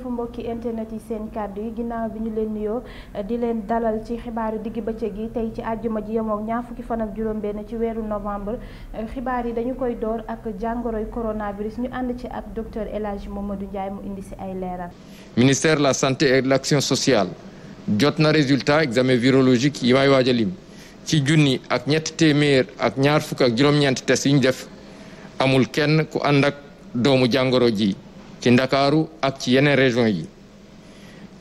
jërëjëf mbokki internet yi seen kàddu yi ginnaaw bi ñu leen nuyoo di leen dalal ci xibaaru digg bëccëg yi tey ci àjjuma ji yemoog ñaar fukki fan ak juróom-benn ci weeru novembre eh, xibaar yi dañu koy door ak jàngoro jàngoroy coronavirus ñu ànd ci ak docteur El Hadji Mamadou Ndiaye mu indi si ay leeral. ministère la santé et de sociale jot na résultat examen virologique yi waay waaj a lim ci junni ak ñett téeméer ak ñaar fukk ak juróom-ñeent test yi ñu def amul kenn ku ànd doomu jàngoro ji. ci ndakaaru ak ci yeneen région yi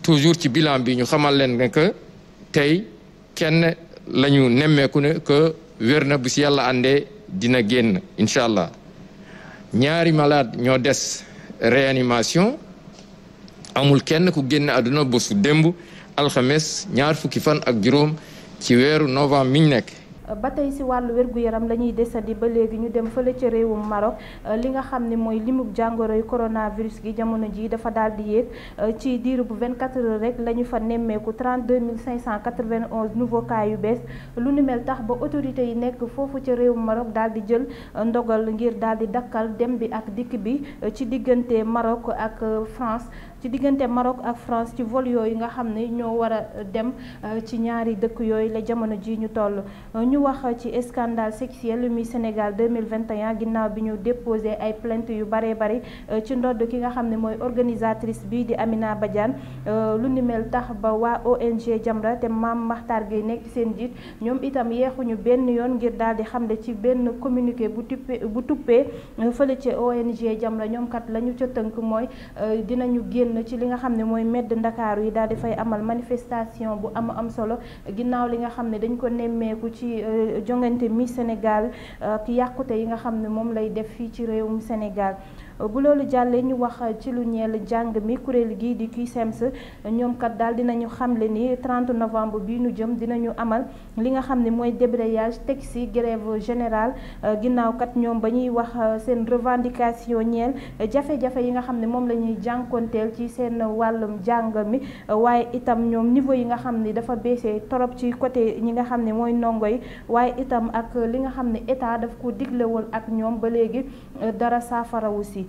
toujours ci bilan bi ñu xamal leen ne que tey kenn la ñu nemmeeku ne que wér na bu si yàlla àndee dina génn incha allah ñaari malade ñoo des réanimation amul kenn ku génn àdduna bésu démb alxames ñaar fukki fan ak juróom ci weeru novembre miñ nekk ba tey si wàllu wér yaram la ñuy desandi ba léegi ñu dem fële ca réewum Maroc euh, li nga xam ne mooy limub jàngoroy coronavirus gi jamono ji dafa daal di yéeg euh, ci diiru bu 24 heures rek la ñu fa nemmeeku 32 591 nouveaux cas yu bees lu ni mel tax ba autorité yi nekk foofu ca réewum Maroc daal di jël euh, ndogal ngir daal di dakkal dem bi ak dikk bi ci diggante Maroc ak France ci diggante Maroc ak France ci vol yooyu nga xam ne ñoo war a dem ci ñaari dëkk yooyu la jamono ji ñu toll wax ci scandale sexuel mi Sénégal 2021 ginnaaw bi déposé ay plainte yu bare bari euh, ci ndodd ki nga xam organisatrice bi di Amina Badiane euh, l'unimel ni mel tax ba ONG Jamra té mam Makhtar Gueye nekk sen dit ñom itam yéxuñu benn yoon ngir daal di ci benn communiqué bu tuppé bu tuppé euh, ci ONG Jamra ñom kat lañu ñu ca tënk dinañu génn ci li nga xamné moy Med Dakar yi daal di fay amal manifestation bu am am solo ginnaw li nga xamné dañ ko ku ci jongante Miss Sénégal ak yàqute yi nga xam ne moom lay def fii ci réewum Sénégal bu loolu jàllee ñu wax ci lu ñeel jàng mi kuréel gi di CUSEMS e ñoom kat daal dinañu xamle ni 30 novembre bi ñu jëm dinañu amal li nga xam ne mooy débrayage teg si grève générale ginnaaw kat ñoom ba ñuy wax seen revendication ñeel jafe yi nga xam ne moom la ñuy jànkonteel ci seen wàllum jàng mi waaye itam ñoom niveau yi nga xam ni dafa beese torop ci côté ñi nga xam ne mooy ndongo yi waaye itam ak li nga xam ne état daf ko digle ak ñoom ba léegi dara saafarawu si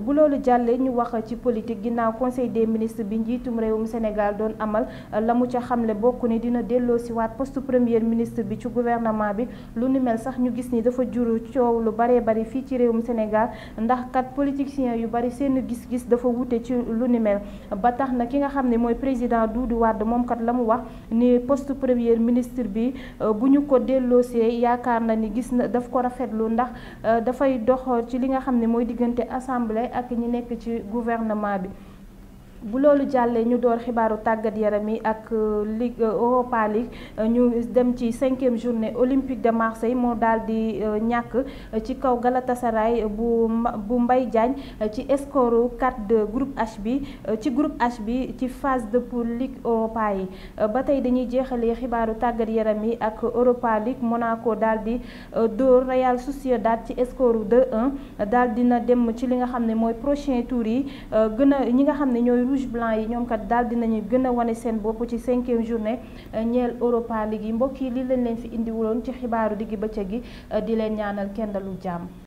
bu loolu jàllee ñu wax ci politique ginnaaw conseil des ministre bi njiitum réewum Sénégal doon amal la mu ca xamle bokk ni dina delloo si waat poste premier ministre bi ci gouvernement bi lu nu mel sax ñu gis ni dafa juru coow lu baree bari fii ci réewum Sénégal ndax kat politiciens yu bari seen gis-gis dafa wute ci lu ni mel ba tax na ki nga xam ne mooy président Doudou Wade moom kat la mu wax ni post premier ministre bi euh, bu ñu ko delloosee yaakaar na ni gis na daf ko rafetlu ndax euh, dafay dox ci li nga xam ne mooy diggante assemblée ak ñi nekk ci gouvernement bi bu loolu jàllee ñu door xibaaru tàggat yaram yi ak euh, ligue euh, Europa League euh, ñu dem ci cinquième journée olympique de Marseille moo daal di ñàkk ci kaw Galatasaray bu bu Mbaye Diagne ci score 4-2 groupe H ci groupe H bi ci phase de pour ligue Europa yi ba tey dañuy jeexalee xibaaru tàggat yaram yi ak Europa League Monaco daal di dóor Real Sociedad ci score de un daal na dem ci li nga xam ne mooy prochain tour yi gën ñi nga xam ne ñooy rouge blanc yi ñoom kat daal nañu gën a wane seen bopp ci cinquième journée euh, ñeel Europa League yi mbokk yi li leen leen fi indiwuloon ci xibaaru diggi bëccëg gi euh, di leen ñaanal kenn dalu jàmm